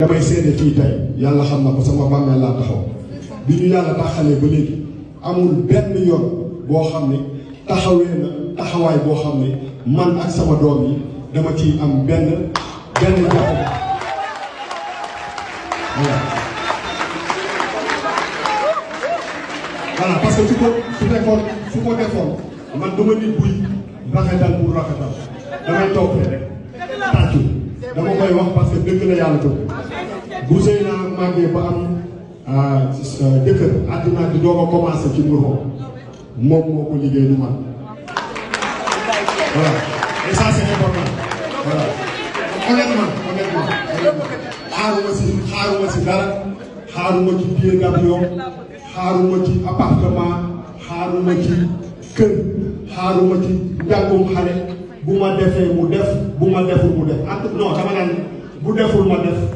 damay seede fii tey yàlla xam na ko sama bàmmeel laa taxaw bi ñu yàlla taxalee ba léegi amul benn yoon boo xam ne taxawee na taxawaay boo xam ne man ak sama doom yi dama ciy am benn benn jàpp voilà parce su ko su defoon su ko defoon man dama nit buy rafetal pour rafetal damay toog rek tàccu dama koy wax parce que dëgg la yàlla bëgg bu Zeyna màggee ba am ah, jëkkër euh, àddina di doog a commencé ci Ndourkho moom moo ko liggéey du man voilà et ça c'est important voilà honnêtement honnêtement xaaruma si xaaruma si dara xaaruma ci biir avion xaaruma ci appartement xaaruma ci kër xaaruma ci njàngum xale bu ma defee mu def bu ma deful mu def ak non dama naan bu deful ma def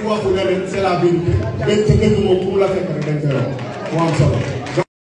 bu waxu nga leen c'est la vérité benn sa dëgg moom la fekk rek dañ koy wax mu am